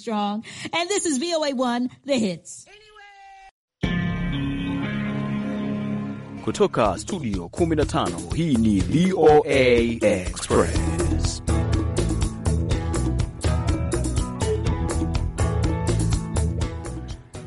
Strong. And this is VOA1, The Hits. Kutoka Studio 15, hii ni VOA Express.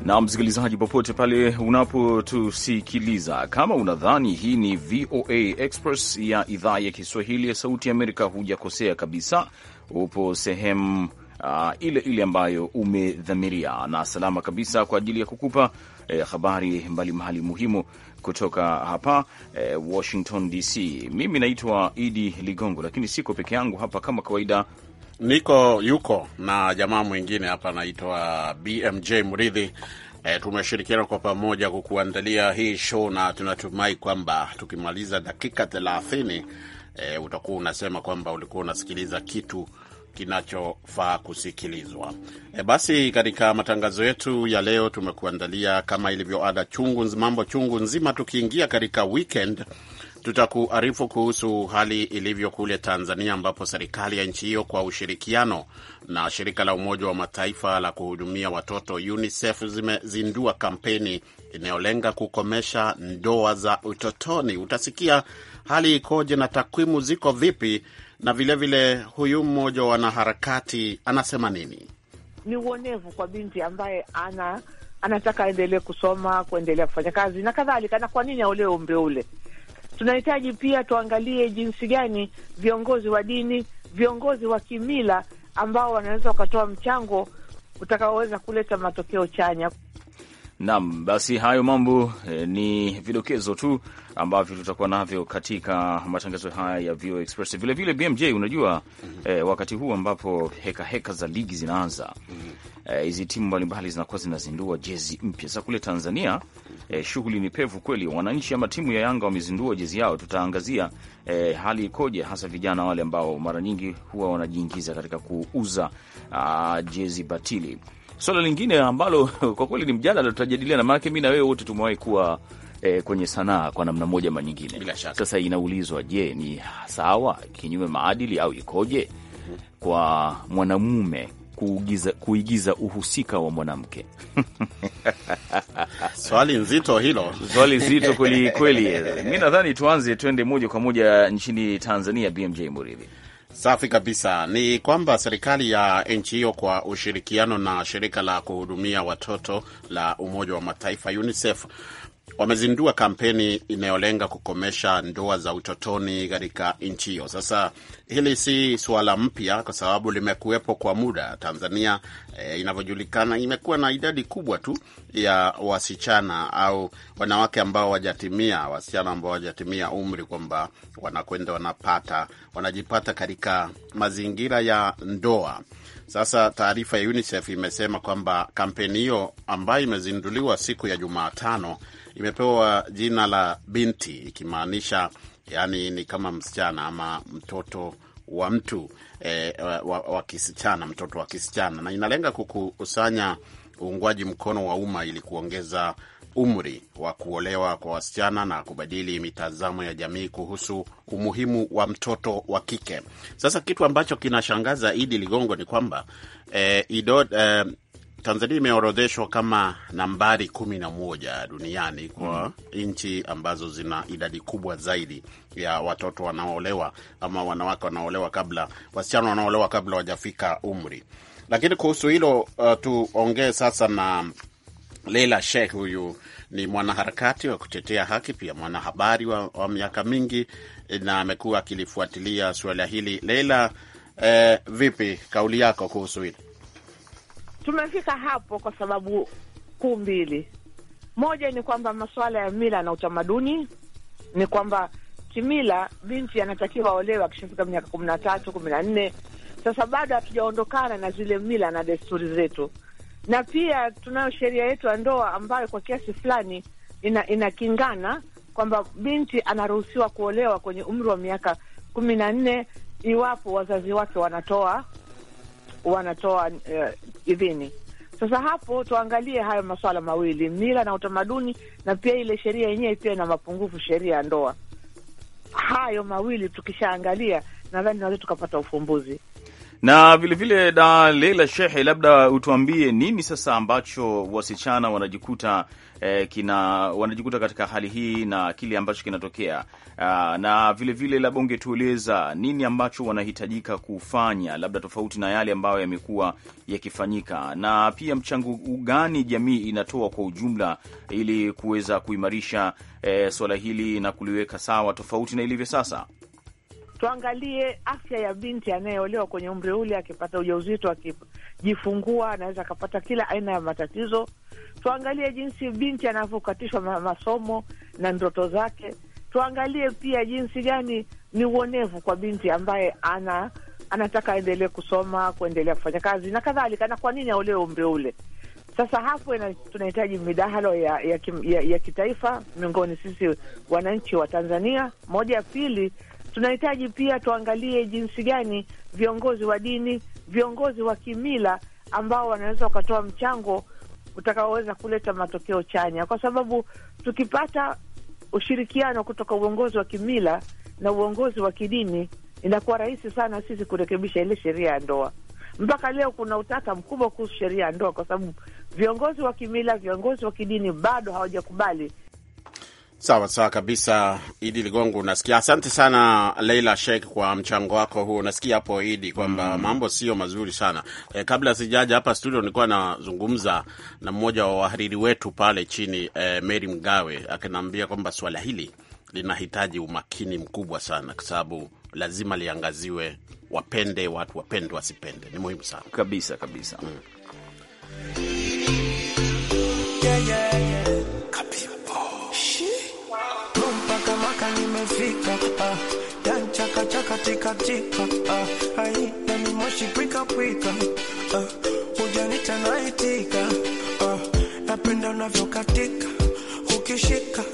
Na msikilizaji, popote pale unapotusikiliza, kama unadhani hii ni VOA Express ya idhaa ya Kiswahili ya Sauti ya Amerika, hujakosea kabisa. Upo sehemu uh, ile ile ambayo umedhamiria na salama kabisa kwa ajili ya kukupa eh, habari mbalimbali muhimu kutoka hapa eh, Washington DC. Mimi naitwa Idi Ligongo, lakini siko peke yangu hapa kama kawaida niko yuko na jamaa mwingine hapa anaitwa BMJ Muridhi. E, tumeshirikiana kwa pamoja kukuandalia hii show na tunatumai kwamba tukimaliza dakika thelathini e, utakuwa unasema kwamba ulikuwa unasikiliza kitu kinachofaa kusikilizwa. E, basi katika matangazo yetu ya leo tumekuandalia kama ilivyo ada chungu mambo chungu nzima. Tukiingia katika weekend, tutakuarifu kuhusu hali ilivyo kule Tanzania, ambapo serikali ya nchi hiyo kwa ushirikiano na shirika la Umoja wa Mataifa la kuhudumia watoto UNICEF zimezindua kampeni inayolenga kukomesha ndoa za utotoni. Utasikia hali ikoje na takwimu ziko vipi na vilevile vile huyu mmoja wa wanaharakati anasema nini? Ni uonevu kwa binti ambaye ana anataka aendelee kusoma, kuendelea kufanya kazi na kadhalika, na kwa nini aolewe umri ule? Tunahitaji pia tuangalie jinsi gani viongozi wa dini, viongozi wa kimila ambao wanaweza wakatoa mchango utakaoweza kuleta matokeo chanya. Naam, basi hayo mambo eh, ni vidokezo tu ambavyo tutakuwa navyo katika matangazo haya ya VOA Express. Vilevile BMJ, unajua mhm. eh, wakati huu ambapo heka heka za ligi zinaanza mhm. eh, hizi eh, timu mbalimbali zinakuwa zinazindua jezi mpya za kule Tanzania. Eh, shughuli ni pevu kweli, wananchi ama timu ya Yanga wamezindua jezi yao. Tutaangazia eh, hali ikoje, hasa vijana wale ambao mara nyingi huwa wanajiingiza katika kuuza ah, jezi batili. Swala lingine ambalo kwa kweli ni mjadala tutajadiliana, maanake mi na wewe wote tumewahi kuwa e, kwenye sanaa kwa namna moja ama nyingine. sasa inaulizwa, je, ni sawa kinyume maadili au ikoje kwa mwanamume kuigiza, kuigiza uhusika wa mwanamke? Swali nzito hilo, swali nzito kweli kweli. Mi nadhani tuanze, tuende moja kwa moja nchini Tanzania. BMJ Muridhi. Safi kabisa. Ni kwamba serikali ya nchi hiyo kwa ushirikiano na shirika la kuhudumia watoto la Umoja wa Mataifa UNICEF wamezindua kampeni inayolenga kukomesha ndoa za utotoni katika nchi hiyo. Sasa hili si suala mpya, kwa sababu limekuwepo kwa muda. Tanzania e, inavyojulikana imekuwa na idadi kubwa tu ya wasichana au wanawake ambao wajatimia, wasichana ambao wajatimia umri, kwamba wanakwenda wanapata, wanajipata katika mazingira ya ndoa. Sasa taarifa ya UNICEF imesema kwamba kampeni hiyo ambayo imezinduliwa siku ya Jumatano imepewa jina la binti, ikimaanisha yani ni kama msichana ama mtoto wa mtu e, wa, wa, wa kisichana, mtoto wa kisichana, na inalenga kukusanya uungwaji mkono wa umma ili kuongeza umri wa kuolewa kwa wasichana na kubadili mitazamo ya jamii kuhusu umuhimu wa mtoto wa kike. Sasa kitu ambacho kinashangaza Idi Ligongo ni kwamba eh, idod, eh, Tanzania imeorodheshwa kama nambari kumi na moja duniani kwa mm. nchi ambazo zina idadi kubwa zaidi ya watoto wanaoolewa ama wanawake wanaolewa kabla, wasichana wanaolewa kabla wajafika umri. Lakini kuhusu hilo uh, tuongee sasa na Leila Sheikh. Huyu ni mwanaharakati wa kutetea haki, pia mwanahabari wa, wa miaka mingi na amekuwa akilifuatilia suala hili. Leila, eh, vipi kauli yako kuhusu hili? tumefika hapo kwa sababu kuu mbili. Moja ni kwamba masuala ya mila na utamaduni, ni kwamba kimila binti anatakiwa aolewe akishafika miaka kumi na tatu kumi na nne. Sasa bado hatujaondokana na zile mila na desturi zetu, na pia tunayo sheria yetu ya ndoa ambayo kwa kiasi fulani ina, inakingana kwamba binti anaruhusiwa kuolewa kwenye umri wa miaka kumi na nne iwapo wazazi wake wanatoa wanatoa eh, idhini. Sasa hapo tuangalie hayo masuala mawili, mila na utamaduni, na pia ile sheria yenyewe pia ina mapungufu, sheria ya ndoa. Hayo mawili tukishaangalia, nadhani naweza tukapata ufumbuzi na vilevile da Leila Shehe, labda utuambie nini sasa ambacho wasichana wanajikuta eh, kina wanajikuta katika hali hii na kile ambacho kinatokea. Uh, na vilevile labda ungetueleza nini ambacho wanahitajika kufanya, labda tofauti na yale ambayo yamekuwa yakifanyika, na pia mchango gani jamii inatoa kwa ujumla ili kuweza kuimarisha eh, swala hili na kuliweka sawa tofauti na ilivyo sasa tuangalie afya ya binti anayeolewa kwenye umri ule, akipata ujauzito, akijifungua, anaweza akapata kila aina ya matatizo. Tuangalie jinsi binti anavyokatishwa masomo na ndoto zake. Tuangalie pia jinsi gani ni uonevu kwa binti ambaye ana anataka aendelee kusoma, kuendelea kufanya kazi na kadhalika, na kwa nini aolewe umri ule. Sasa hapo tunahitaji midahalo ya, ya, ya, ya kitaifa miongoni sisi wananchi wa Tanzania. Moja ya pili tunahitaji pia tuangalie jinsi gani viongozi wa dini, viongozi wa kimila ambao wanaweza wakatoa mchango utakaoweza kuleta matokeo chanya, kwa sababu tukipata ushirikiano kutoka uongozi wa kimila na uongozi wa kidini, inakuwa rahisi sana sisi kurekebisha ile sheria ya ndoa. Mpaka leo kuna utata mkubwa kuhusu sheria ya ndoa, kwa sababu viongozi wa kimila, viongozi wa kidini bado hawajakubali Sawa sawa kabisa, Idi Ligongo, unasikia. Asante sana Leila Sheikh kwa mchango wako huo. Unasikia hapo Idi kwamba mm, mambo sio mazuri sana e. Kabla sijaja hapa studio, nilikuwa nazungumza na mmoja wa wahariri wetu pale chini e, Mary Mgawe akinaambia kwamba swala hili linahitaji umakini mkubwa sana, kwa sababu lazima liangaziwe, wapende watu, wapende wasipende, ni muhimu sana kabisa kabisa, mm. yeah, yeah. nimefika nimefika ah dan chaka chaka tika tika ah hai moshi pika pika hujanita ah, naitika ah, napenda unavyokatika ukishika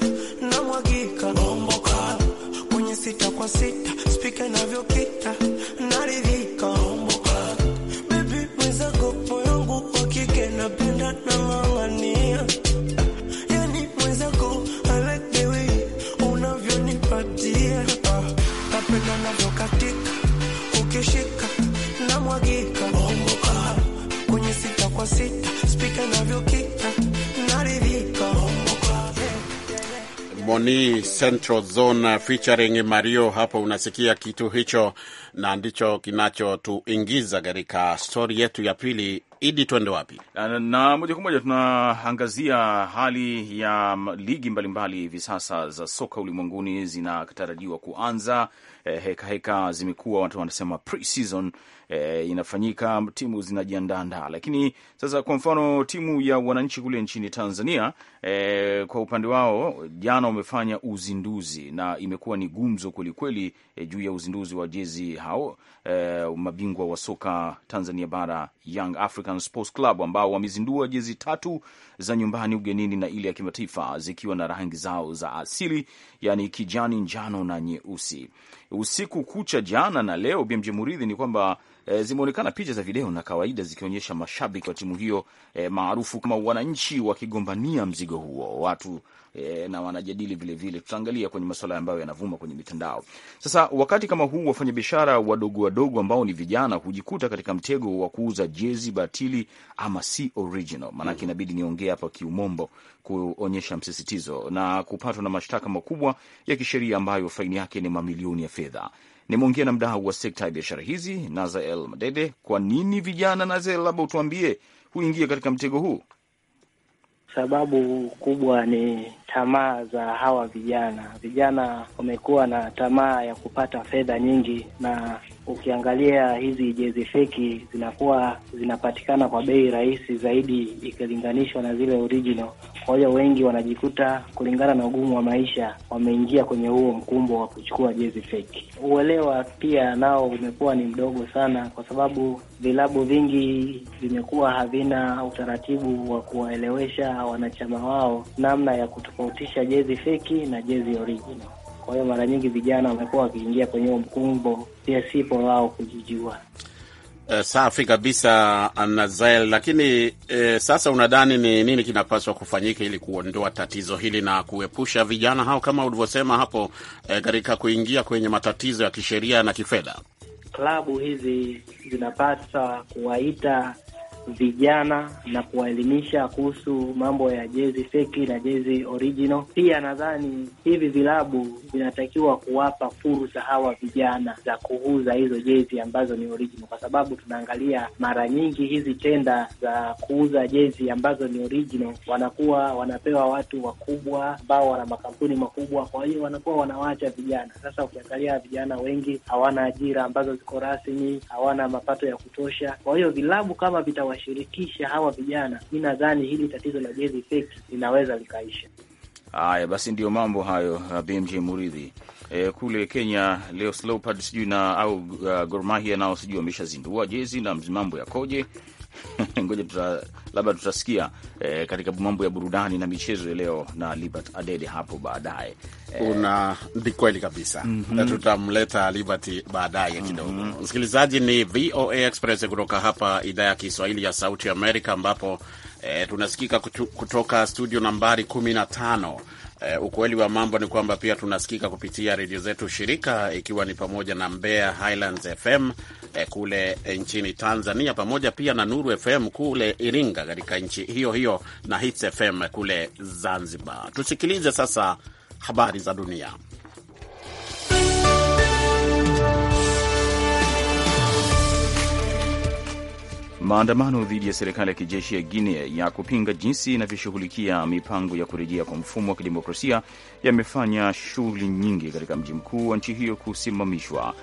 na mwagika bombo kala ah, kwenye sita kwa sita spika inavyokita naridhika bombo baby mwenzako moyo wangu wa kike napenda na mang'ani Upendo unavyokatika ukishika na mwagika kwenye sita kwa sita spika inavyokika naridhika. Moni Central Zone featuring Mario hapo, unasikia kitu hicho, na ndicho kinachotuingiza katika stori yetu ya pili. Idi, twende wapi? Na, na moja kwa moja tunaangazia hali ya ligi mbalimbali hivi mbali sasa za soka ulimwenguni zinatarajiwa kuanza eh, heka heka zimekuwa, watu wanasema pre-season eh, inafanyika, timu zinajiandaandaa. Lakini sasa kwa mfano timu ya wananchi kule nchini Tanzania eh, kwa upande wao jana wamefanya uzinduzi na imekuwa ni gumzo kwelikweli eh, juu ya uzinduzi wa jezi hao eh, mabingwa wa soka Tanzania bara Young African Sports Club ambao wamezindua jezi tatu za nyumbani, ugenini na ile ya kimataifa zikiwa na rangi zao za asili, yani kijani, njano na nyeusi usiku kucha jana na leo, BMJ Muridhi, ni kwamba e, zimeonekana picha za video na kawaida zikionyesha mashabiki wa timu hiyo e, maarufu kama wananchi wakigombania mzigo huo watu e, na wanajadili vilevile, tutaangalia kwenye masuala ambayo yanavuma kwenye mitandao. Sasa wakati kama huu, wafanyabiashara wadogo wadogo ambao ni vijana hujikuta katika mtego wa kuuza jezi batili ama si original, maanake inabidi niongee hapa kiumombo kuonyesha msisitizo na kupatwa na mashtaka makubwa ya kisheria ambayo faini yake ni mamilioni ya fedha fedha. Nimeongea na mdau wa sekta ya biashara hizi, Nazael Madede. Kwa nini vijana, Nazael, labda utuambie, huingia katika mtego huu? Sababu kubwa ni tamaa za hawa vijana. Vijana wamekuwa na tamaa ya kupata fedha nyingi, na ukiangalia hizi jezi feki zinakuwa zinapatikana kwa bei rahisi zaidi ikilinganishwa na zile original. Kwa hiyo wengi wanajikuta, kulingana na ugumu wa maisha, wameingia kwenye huo mkumbo wa kuchukua jezi feki. Uelewa pia nao umekuwa ni mdogo sana, kwa sababu vilabu vingi vimekuwa havina utaratibu wa kuwaelewesha wanachama wao namna ya kutofautisha jezi feki na jezi original. Kwa hiyo mara nyingi vijana wamekuwa wakiingia kwenye huo mkumbo yasipo wao kujijua. Uh, safi kabisa Nazael, lakini uh, sasa unadhani ni nini kinapaswa kufanyika ili kuondoa tatizo hili na kuepusha vijana hao kama ulivyosema hapo eh, katika kuingia kwenye matatizo ya kisheria na kifedha? Klabu hizi zinapaswa kuwaita vijana na kuwaelimisha kuhusu mambo ya jezi feki na jezi original. Pia nadhani hivi vilabu vinatakiwa kuwapa fursa hawa vijana za kuuza hizo jezi ambazo ni original, kwa sababu tunaangalia mara nyingi hizi tenda za kuuza jezi ambazo ni original wanakuwa wanapewa watu wakubwa ambao wana makampuni makubwa, kwa hiyo wanakuwa wanawaacha vijana. Sasa ukiangalia vijana wengi hawana ajira ambazo ziko rasmi, hawana mapato ya kutosha, kwa hiyo vilabu kama vita wakawashirikisha hawa vijana, mi nadhani hili tatizo la jezi feki linaweza likaisha. Haya basi, ndiyo mambo hayo. Uh, BMJ Muridhi e, kule Kenya leo sijui na au uh, Gor Mahia nao sijui wameshazindua jezi na mambo yakoje? ngoja tuta, labda tutasikia eh, katika mambo ya burudani na michezo leo na Libert Adede hapo baadaye eh. Una ni kweli kabisa mm -hmm. Tutamleta Libert baadaye mhm. kidogo mm -hmm. Msikilizaji, ni VOA Express kutoka hapa idhaa ya Kiswahili ya Sauti Amerika ambapo eh, tunasikika kutu, kutoka studio nambari 15. Uh, eh, ukweli wa mambo ni kwamba pia tunasikika kupitia redio zetu shirika, ikiwa ni pamoja na Mbeya Highlands FM eh, kule eh, nchini Tanzania, pamoja pia na Nuru FM kule Iringa katika nchi hiyo hiyo na Hits FM kule Zanzibar. Tusikilize sasa habari za dunia. Maandamano dhidi ya serikali ya kijeshi ya Guinea ya kupinga jinsi inavyoshughulikia mipango ya kurejea kwa mfumo wa kidemokrasia yamefanya shughuli nyingi katika mji mkuu wa nchi hiyo kusimamishwa.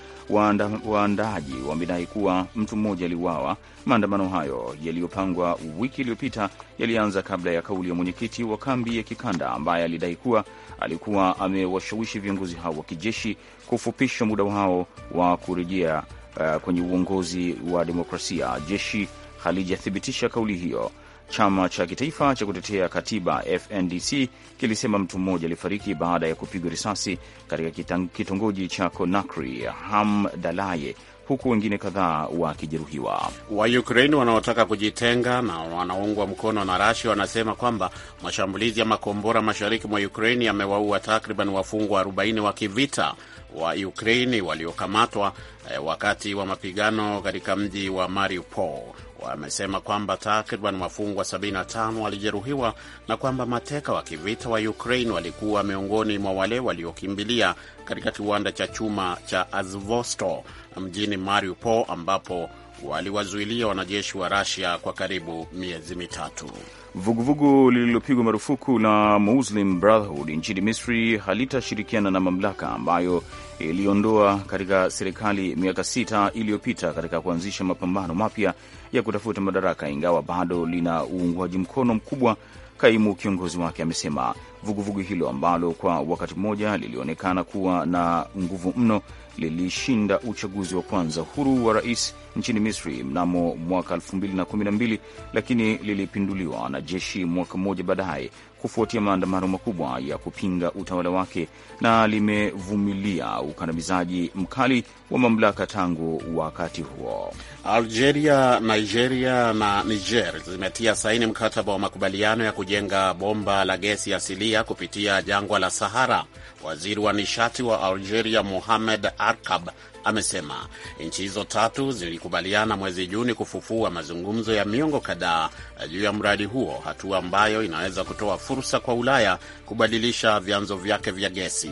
Waandaaji wamedai kuwa mtu mmoja aliuawa. Maandamano hayo yaliyopangwa wiki iliyopita yalianza kabla ya kauli ya mwenyekiti wa kambi ya kikanda ambaye alidai kuwa alikuwa amewashawishi viongozi hao wa kijeshi kufupisha muda wao wa kurejea uh, kwenye uongozi wa demokrasia. Jeshi halijathibitisha kauli hiyo. Chama cha kitaifa cha kutetea katiba FNDC kilisema mtu mmoja alifariki baada ya kupigwa risasi katika kitongoji cha Conakry Hamdalaye, huku wengine kadhaa wakijeruhiwa. Waukraini wanaotaka kujitenga na wanaungwa mkono na Rasia wanasema kwamba mashambulizi ya makombora mashariki mwa Ukraini yamewaua takriban wafungwa 40 wa kivita wa Ukraini waliokamatwa eh, wakati wa mapigano katika mji wa Mariupol wamesema kwamba takriban wafungwa 75 walijeruhiwa na kwamba mateka wa kivita wa Ukraine walikuwa miongoni mwa wale waliokimbilia katika kiwanda cha chuma cha Azovstal mjini Mariupol ambapo waliwazuilia wanajeshi wa Russia kwa karibu miezi mitatu. Vuguvugu lililopigwa marufuku la Muslim Brotherhood nchini Misri halitashirikiana na mamlaka ambayo iliondoa katika serikali miaka sita iliyopita katika kuanzisha mapambano mapya ya kutafuta madaraka, ingawa bado lina uungwaji mkono mkubwa. Kaimu kiongozi wake amesema vuguvugu hilo ambalo kwa wakati mmoja lilionekana kuwa na nguvu mno lilishinda uchaguzi wa kwanza huru wa rais nchini Misri mnamo mwaka 2012 lakini lilipinduliwa na jeshi mwaka mmoja baadaye kufuatia maandamano makubwa ya kupinga utawala wake na limevumilia ukandamizaji mkali wa mamlaka tangu wakati huo. Algeria, Nigeria na Niger zimetia saini mkataba wa makubaliano ya kujenga bomba la gesi asilia kupitia jangwa la Sahara. Waziri wa nishati wa Algeria Mohamed Arkab amesema nchi hizo tatu zilikubaliana mwezi Juni kufufua mazungumzo ya miongo kadhaa juu ya mradi huo, hatua ambayo inaweza kutoa fursa kwa Ulaya kubadilisha vyanzo vyake vya gesi.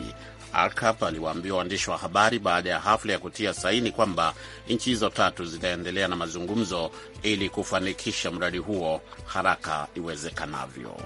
Arkab aliwaambia waandishi wa habari baada ya hafla ya kutia saini kwamba nchi hizo tatu zitaendelea na mazungumzo ili kufanikisha mradi huo haraka iwezekanavyo.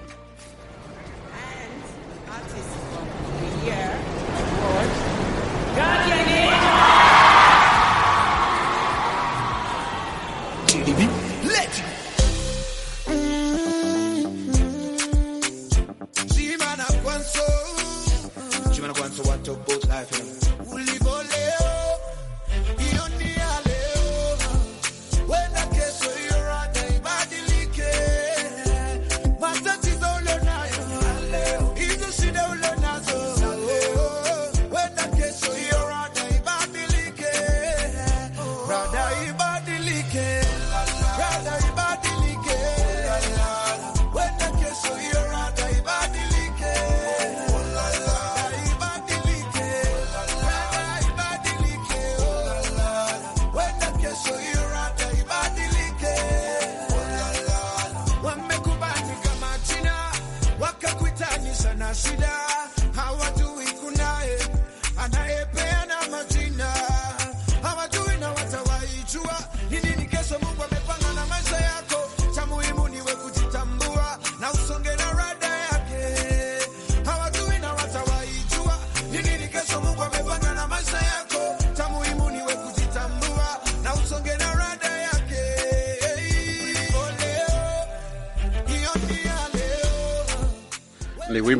shida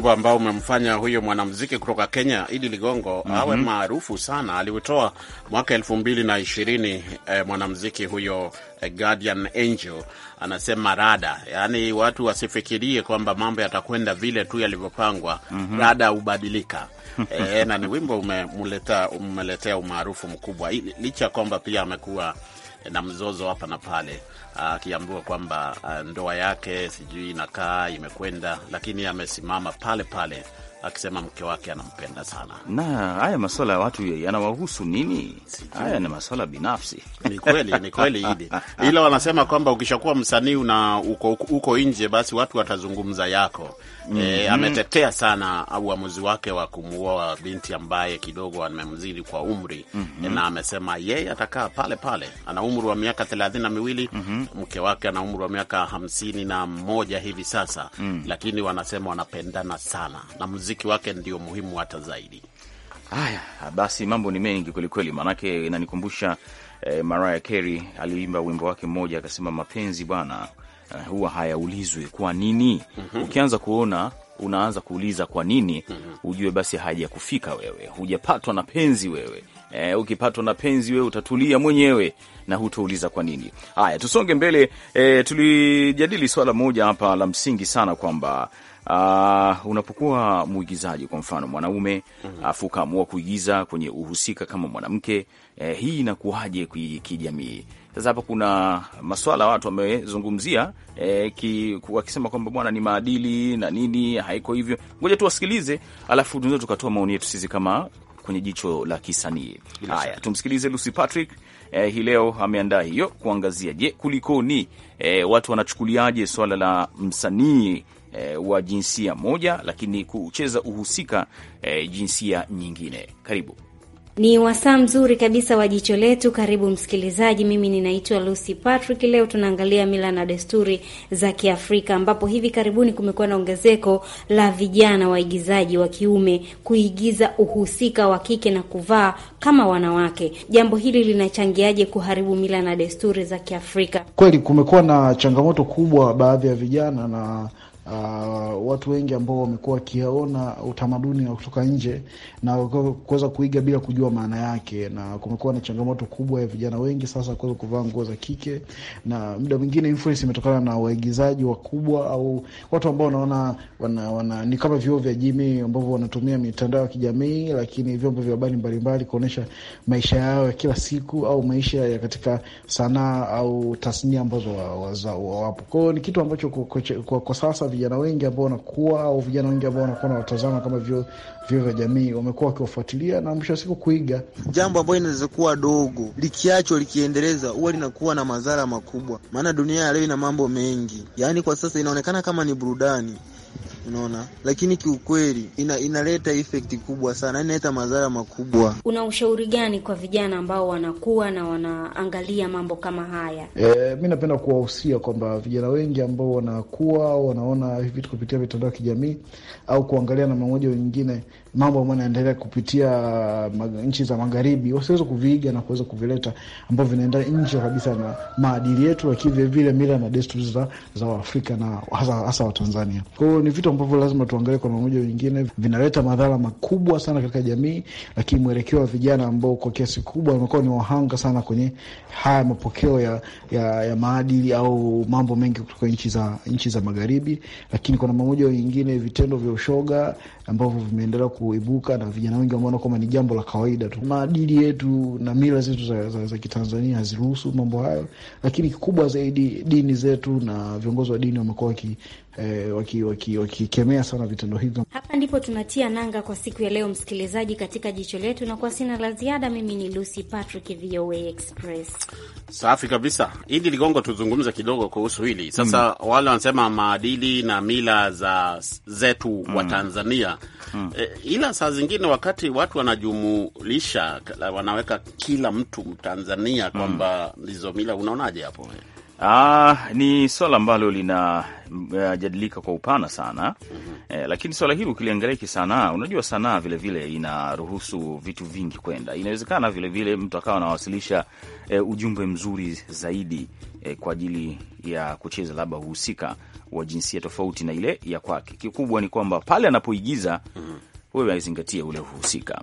wimbo ambao umemfanya huyo mwanamuziki kutoka Kenya Idi Ligongo mm -hmm. awe maarufu sana. Aliutoa mwaka elfu mbili na ishirini eh, mwanamuziki huyo eh, Guardian Angel anasema rada, yaani watu wasifikirie kwamba mambo yatakwenda vile tu yalivyopangwa. mm -hmm. Rada hubadilika e, na ni wimbo umemletea umaarufu mkubwa, licha ya kwamba pia amekuwa na mzozo hapa na pale, ah, akiambiwa kwamba ah, ndoa yake sijui inakaa imekwenda, lakini amesimama pale pale akisema mke wake anampenda sana. Na haya masuala ya watu yanawahusu nini? Haya ni masuala binafsi. Ni kweli, ni kweli Idi, ila wanasema kwamba ukishakuwa msanii una uko, uko nje, basi watu watazungumza yako. mm -hmm. E, ametetea sana uamuzi wake wa kumuoa binti ambaye kidogo amemzidi kwa umri mm -hmm. na amesema yeye atakaa pale pale, ana umri wa miaka thelathini na miwili mm -hmm. mke wake ana umri wa miaka hamsini na moja hivi sasa mm -hmm. lakini wanasema wanapendana sana na muziki wake ndio muhimu hata zaidi. Haya basi, mambo ni mengi kwelikweli, maanake inanikumbusha eh, Mariah Carey aliimba wimbo wake mmoja akasema, mapenzi bwana uh, huwa hayaulizwi kwa nini. mm -hmm. Ukianza kuona unaanza kuuliza kwa nini, mm -hmm. ujue basi hajakufika wewe, hujapatwa na penzi wewe. Eh, ukipatwa na penzi wewe utatulia mwenyewe na hutouliza kwa nini. Haya, tusonge mbele. Eh, tulijadili swala moja hapa la msingi sana kwamba uh, unapokuwa mwigizaji, kwa mfano mwanaume mhm. afu kaamua kuigiza kwenye uhusika kama mwanamke eh, hii inakuwaje kijamii? Sasa hapa kuna maswala watu wamezungumzia eh, wakisema kwamba bwana, ni maadili na nini, haiko hivyo. Ngoja tuwasikilize, alafu tunaweza tukatoa maoni yetu sisi kama kwenye jicho la kisanii. Haya, tumsikilize Lucy Patrick eh, hii leo ameandaa hiyo kuangazia, je, kulikoni eh, watu wanachukuliaje swala la msanii e, wa jinsia moja lakini kucheza uhusika e, jinsia nyingine. Karibu. Ni wasaa mzuri kabisa wa jicho letu. Karibu msikilizaji, mimi ninaitwa Lucy Patrick. Leo tunaangalia mila na desturi za Kiafrika, ambapo hivi karibuni kumekuwa na ongezeko la vijana waigizaji wa kiume kuigiza uhusika wa kike na kuvaa kama wanawake. Jambo hili linachangiaje kuharibu mila na desturi za Kiafrika? Kweli kumekuwa na changamoto kubwa, baadhi ya vijana na uh, watu wengi ambao wamekuwa wakiona utamaduni wa kutoka nje na kuweza kuiga bila kujua maana yake, na kumekuwa na changamoto kubwa ya vijana wengi sasa kuweza kuvaa nguo za kike, na muda mwingine influence imetokana na waigizaji wakubwa au watu ambao wanaona wana, wana, ni kama vyuo vya jimi ambavyo wanatumia mitandao ya kijamii, lakini vyombo vya habari mbalimbali kuonyesha maisha yao ya kila siku au maisha ya katika sanaa au tasnia ambazo wapo wa, wa, wa, wa, kwao ni kitu ambacho kwa, kwa, kwa, kwa sasa vijana wengi ambao wanakuwa au vijana wengi ambao wanakuwa watazama kama vyo vyo vya jamii wamekuwa wakiwafuatilia na mwisho wa siku kuiga jambo ambayo inaweza kuwa dogo, likiachwa likiendeleza, huwa linakuwa na madhara makubwa. Maana dunia ya leo ina mambo mengi, yaani kwa sasa inaonekana kama ni burudani unaona, lakini kiukweli ina, inaleta effect kubwa sana, inaleta madhara makubwa. Una ushauri gani kwa vijana ambao wanakuwa na wanaangalia mambo kama haya? E, mi napenda kuwahusia kwamba vijana wengi ambao wanakuwa au wanaona hivi vitu kupitia mitandao ya kijamii au kuangalia na mamoja wengine mambo ambayo yanaendelea kupitia nchi za magharibi wasiweze kuviiga na kuweza kuvileta ambavyo vinaenda nje kabisa na maadili yetu, lakini vilevile mila na desturi za Waafrika na hasa Watanzania. Kwa hiyo ni vitu ambavyo lazima tuangalie kwa mamoja nyingine, vinaleta madhara makubwa sana katika jamii, lakini mwelekeo wa vijana ambao kwa kiasi kubwa wamekuwa ni wahanga sana kwenye haya mapokeo ya, ya, ya maadili au mambo mengi kutoka nchi za, nchi za magharibi, lakini kwa mamoja nyingine vitendo vya ushoga ambavyo vimeendelea kuibuka na vijana wengi wameona kwamba ni jambo la kawaida tu. Maadili yetu na mila zetu za, za, za Kitanzania haziruhusu mambo hayo, lakini kikubwa zaidi dini zetu na viongozi wa dini wamekuwa waki eh, wakikemea waki, waki sana vitendo hivyo. Hapa ndipo tunatia nanga kwa siku ya leo, msikilizaji, katika jicho letu, na kwa sina la ziada, mimi ni Lucy Patrick, VOA Express. Safi kabisa, Idi Ligongo, tuzungumze kidogo kuhusu hili sasa. Mm. wale wanasema maadili na mila za zetu mm. wa Tanzania hmm. E, ila saa zingine wakati watu wanajumulisha wanaweka kila mtu Mtanzania hmm. kwamba hmm. mila, unaonaje hapo? Aa, ah, ni swala ambalo linajadilika eh, uh, kwa upana sana mhm. eh, lakini swala hili ukiliangalia kisanaa, unajua sanaa vilevile inaruhusu vitu vingi kwenda. Inawezekana vilevile mtu akawa anawasilisha eh, ujumbe mzuri zaidi eh, kwa ajili ya kucheza labda uhusika wa jinsia tofauti na ile ya kwake. Kikubwa ni kwamba pale anapoigiza mhm. wewe aizingatie ule uhusika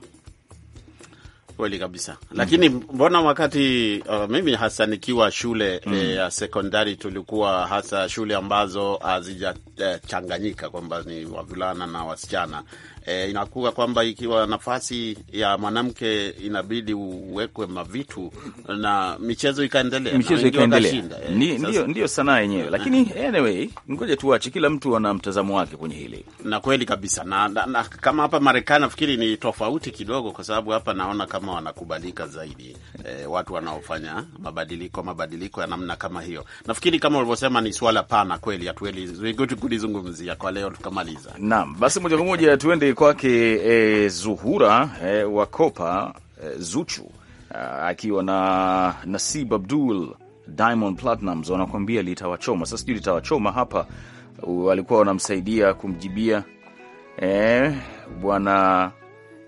Kweli kabisa, lakini mbona wakati uh, mimi hasa nikiwa shule mm. e, ya sekondari tulikuwa hasa shule ambazo hazijachanganyika eh, e, kwamba ni wavulana na wasichana e, inakuwa kwamba ikiwa nafasi ya mwanamke inabidi uwekwe mavitu na michezo ikaendelea, michezo ikaendelea, eh. ndio ndio sanaa yenyewe. Eh. Lakini anyway, ngoja tuache, kila mtu ana mtazamo wake kwenye hili, na kweli kabisa na, na, na kama hapa Marekani nafikiri ni tofauti kidogo, kwa sababu hapa naona kama wanakubalika zaidi e, watu wanaofanya mabadiliko mabadiliko ya namna kama hiyo. Nafikiri kama ulivyosema ni swala pana kweli, hatuwezi kulizungumzia kwa leo tukamaliza. Naam, basi moja kwa moja tuende kwake e, Zuhura e, Wakopa e, Zuchu akiwa na Nasib Abdul Diamond Platnumz wanakuambia litawachoma. Sasa sijui litawachoma hapa, walikuwa wanamsaidia kumjibia e, bwana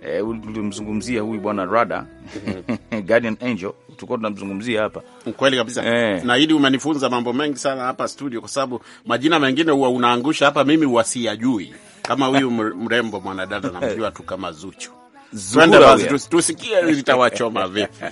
e, tulimzungumzia huyu bwana Rada Guardian Angel tulikuwa tunamzungumzia hapa. Ukweli kabisa e. Na hili umenifunza mambo mengi sana hapa studio, kwa sababu majina mengine huwa unaangusha hapa, mimi huwa siyajui kama huyu mrembo mwanadada namjua tu kama Zuchu. Twende basi tusikie litawachoma vipi.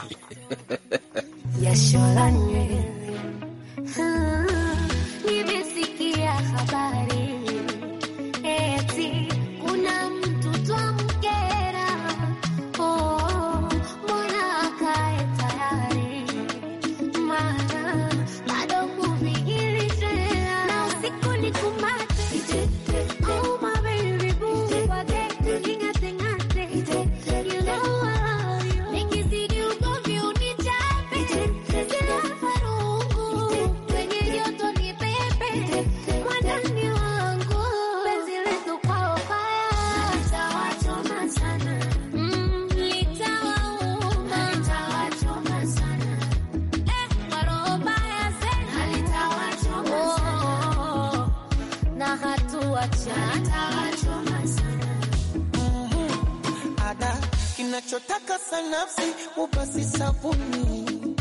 kama nafsi upasi sabuni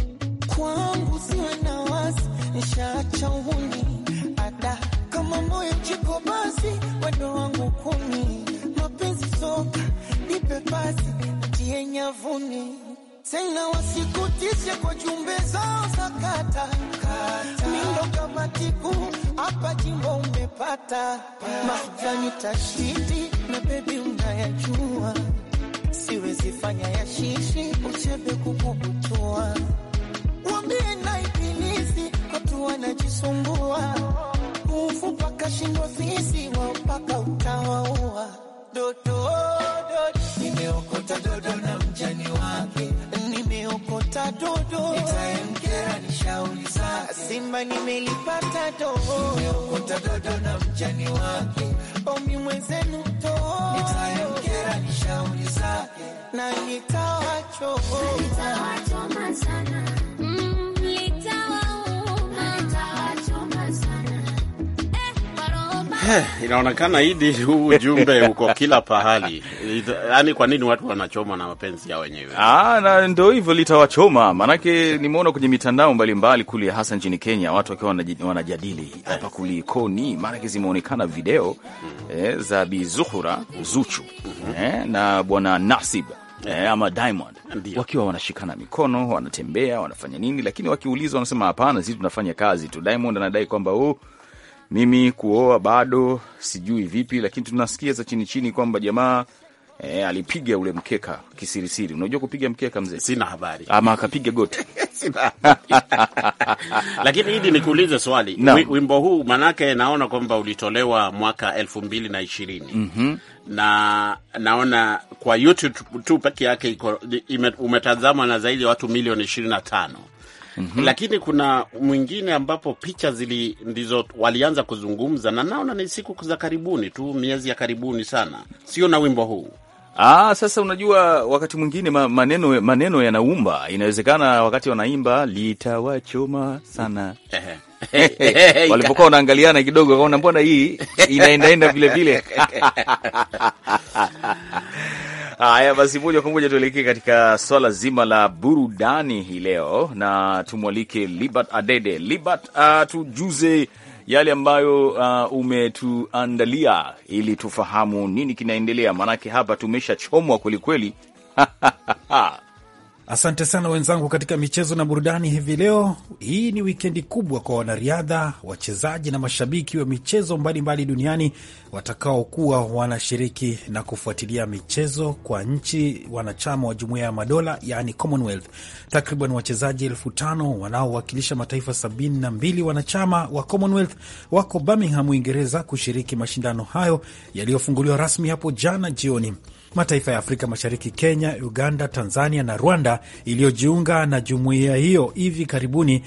kwangu, siwe na wasi, nishaacha uhuni ada kama moyo chiko basi, wendo wangu kumi, mapenzi soka nipe basi, tie nyavuni tena wasikutishe kwa jumbe zao za kata mindo kama tiku hapa jimbo umepata mafuta nitashiti na bebi, unayajua siwezi fanya ya shishi uchebe kukubutua wambie na ibilisi watu wanajisumbua kufu paka shindo sisi wapaka utawaua dodo nimeokota dodo na mjani wake nimeokota dodo nitaemkera ni shauli zake simba nimelipata dodo nimeokota dodo na mjani wake omi mwenzenu toa nitaemkera ni shauli zake na litawachoma mm, eh, inaonekana Idi, huu ujumbe uko kila pahali. Yaani, kwa nini watu wanachoma na mapenzi yao wenyewe? Ah, na ndio hivyo litawachoma. Maanake nimeona kwenye mitandao mbalimbali kule, hasa nchini Kenya, watu wakiwa wanajadili hapa kulikoni. Maanake zimeonekana video mm -hmm. eh, za Bi Zuhura Zuchu mm -hmm. eh, na Bwana Nasib eh, ama Diamond Ndiyo. wakiwa wanashikana mikono wanatembea wanafanya nini, lakini wakiulizwa wanasema hapana, sisi tunafanya kazi tu. Diamond anadai kwamba oh, mimi kuoa bado sijui vipi, lakini tunasikia za chini chini kwamba jamaa E, alipiga ule mkeka kisirisiri. Unajua kupiga mkeka mzee? Sina habari. Ama akapiga goti. Sina Lakini hidi nikuulize swali. No. Wimbo huu manake naona kwamba ulitolewa mwaka elfu mbili na ishirini. Mm -hmm. Na naona kwa YouTube tu peke yake iko umetazamwa na zaidi ya watu milioni ishirini na tano. Mm -hmm. Lakini kuna mwingine ambapo picha zili ndizo walianza kuzungumza, na naona ni siku za karibuni tu, miezi ya karibuni sana, sio na wimbo huu Ah, sasa unajua wakati mwingine maneno maneno yanaumba. Inawezekana wakati wanaimba litawachoma sana walipokuwa wanaangaliana kidogo, akaona mbona hii inaendaenda vile vile. Haya basi, moja kwa moja tuelekee katika swala zima la burudani hii leo, na tumwalike Libert Adede. Libert, uh, tujuze yale ambayo uh, umetuandalia ili tufahamu nini kinaendelea, maanake hapa tumeshachomwa kwelikweli. Asante sana wenzangu katika michezo na burudani hivi leo. Hii ni wikendi kubwa kwa wanariadha, wachezaji na mashabiki wa michezo mbalimbali duniani watakaokuwa wanashiriki na kufuatilia michezo kwa nchi wanachama wa Jumuiya ya Madola, yaani Commonwealth. Takriban wachezaji elfu tano wanaowakilisha mataifa sabini na mbili wanachama wa Commonwealth wako Birmingham, Uingereza, kushiriki mashindano hayo yaliyofunguliwa rasmi hapo jana jioni mataifa ya Afrika Mashariki, Kenya, Uganda, Tanzania na Rwanda iliyojiunga na jumuiya hiyo hivi karibuni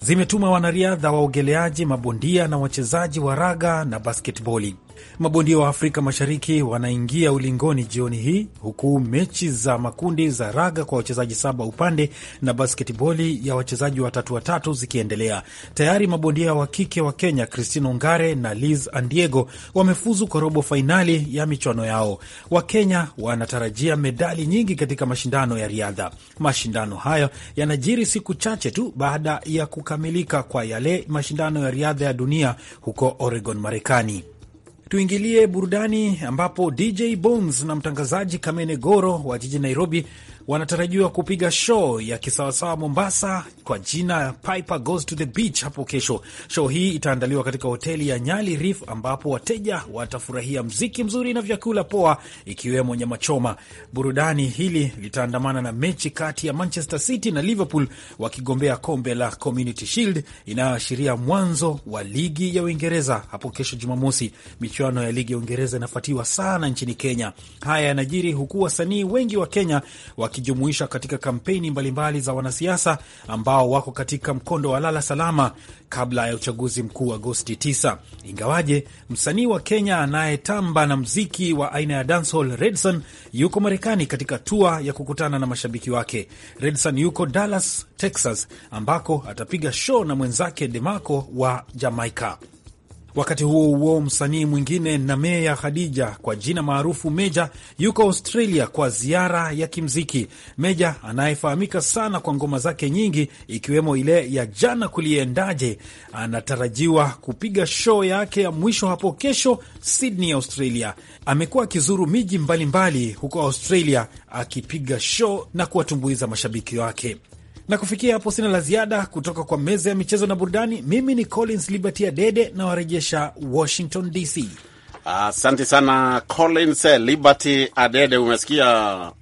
zimetuma wanariadha, waogeleaji, mabondia na wachezaji wa raga na basketboli. Mabondia wa Afrika Mashariki wanaingia ulingoni jioni hii, huku mechi za makundi za raga kwa wachezaji saba upande na basketboli ya wachezaji watatu watatu zikiendelea. Tayari mabondia wa kike wa Kenya Christine Ongare na Liz Andiego wamefuzu kwa robo fainali ya michuano yao. Wakenya wanatarajia medali nyingi katika mashindano ya riadha. Mashindano hayo yanajiri siku chache tu baada ya kukamilika kwa yale mashindano ya riadha ya dunia huko Oregon, Marekani. Tuingilie burudani ambapo DJ Bones na mtangazaji Kamene Goro wa jiji Nairobi wanatarajiwa kupiga show ya kisawasawa Mombasa kwa jina Piper Goes to the Beach hapo kesho. Show hii itaandaliwa katika hoteli ya Nyali Reef ambapo wateja watafurahia mziki mzuri na vyakula poa ikiwemo nyama choma. Burudani hili litaandamana na mechi kati ya Manchester City na Liverpool wakigombea kombe la Community Shield inayoashiria mwanzo wa ligi ya Uingereza hapo kesho Jumamosi. Michuano ya ligi ya Uingereza inafuatiwa sana nchini Kenya. Haya yanajiri huku wasanii wengi wa Kenya wa wakijumuisha katika kampeni mbalimbali za wanasiasa ambao wako katika mkondo wa lala salama kabla ya uchaguzi mkuu Agosti 9. Ingawaje msanii wa Kenya anayetamba na mziki wa aina ya dancehall Redson yuko Marekani katika tua ya kukutana na mashabiki wake. Redson yuko Dallas, Texas, ambako atapiga show na mwenzake DeMarco wa Jamaica. Wakati huo huo, msanii mwingine Nameya Khadija kwa jina maarufu Meja yuko Australia kwa ziara ya kimziki. Meja anayefahamika sana kwa ngoma zake nyingi ikiwemo ile ya jana kuliendaje, anatarajiwa kupiga show yake ya mwisho hapo kesho Sydney, Australia. Amekuwa akizuru miji mbalimbali huko Australia akipiga show na kuwatumbuiza mashabiki wake. Na kufikia hapo, sina la ziada kutoka kwa meza ya michezo na burudani. Mimi ni Collins Liberty Adede na warejesha Washington DC. Asante uh, sana Collins Liberty Adede. Umesikia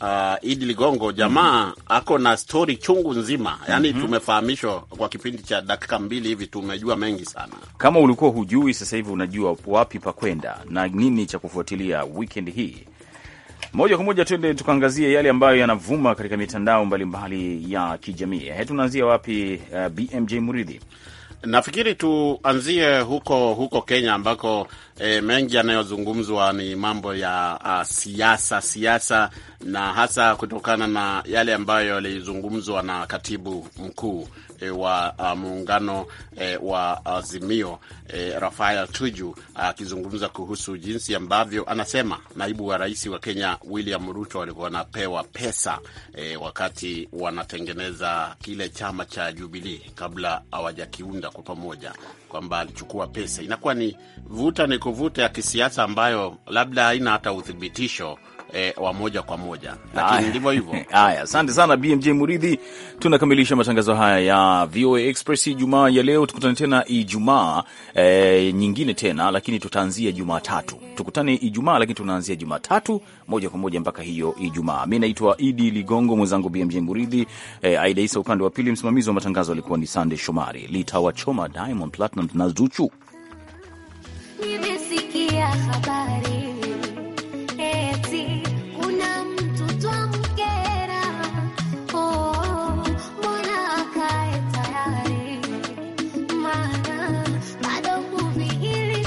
uh, Idi Ligongo, jamaa mm -hmm. ako na stori chungu nzima yani mm -hmm. tumefahamishwa kwa kipindi cha dakika mbili hivi, tumejua mengi sana. Kama ulikuwa hujui, sasa hivi unajua wapi pa kwenda na nini cha kufuatilia wikendi hii. Moja kwa moja tuende tukaangazie yale ambayo yanavuma katika mitandao mbalimbali mbali ya kijamii. Eh, tunaanzia wapi, uh, eh, BMJ Muridhi? Nafikiri tuanzie huko huko Kenya ambako e, mengi yanayozungumzwa ni mambo ya a, ah, siasa siasa, na hasa kutokana na yale ambayo yalizungumzwa na katibu mkuu e, wa ah, muungano e, wa Azimio e, Rafael Tuju akizungumza kuhusu jinsi ambavyo anasema naibu wa rais wa Kenya William Ruto walikuwa wanapewa pesa e, wakati wanatengeneza kile chama cha jubilii kabla hawajakiunda kwa pamoja, kwamba alichukua pesa. Inakuwa ni vuta ni kuvuta ya kisiasa ambayo labda haina hata uthibitisho eh, wa moja kwa moja, lakini ndivyo hivyo. Haya, asante sana BMJ Muridhi. Tunakamilisha matangazo haya ya VOA Express Ijumaa ya leo. Tukutane tena Ijumaa eh, nyingine tena, lakini tutaanzia Jumatatu. Tukutane Ijumaa, lakini tunaanzia Jumatatu moja kwa moja mpaka hiyo Ijumaa. Mi naitwa Idi Ligongo, mwenzangu BMJ Muridhi, eh, Aida Isa upande wa pili, msimamizi wa matangazo alikuwa ni Sande Shomari. Litawachoma Diamond Platinum na Zuchu. Nimesikia habari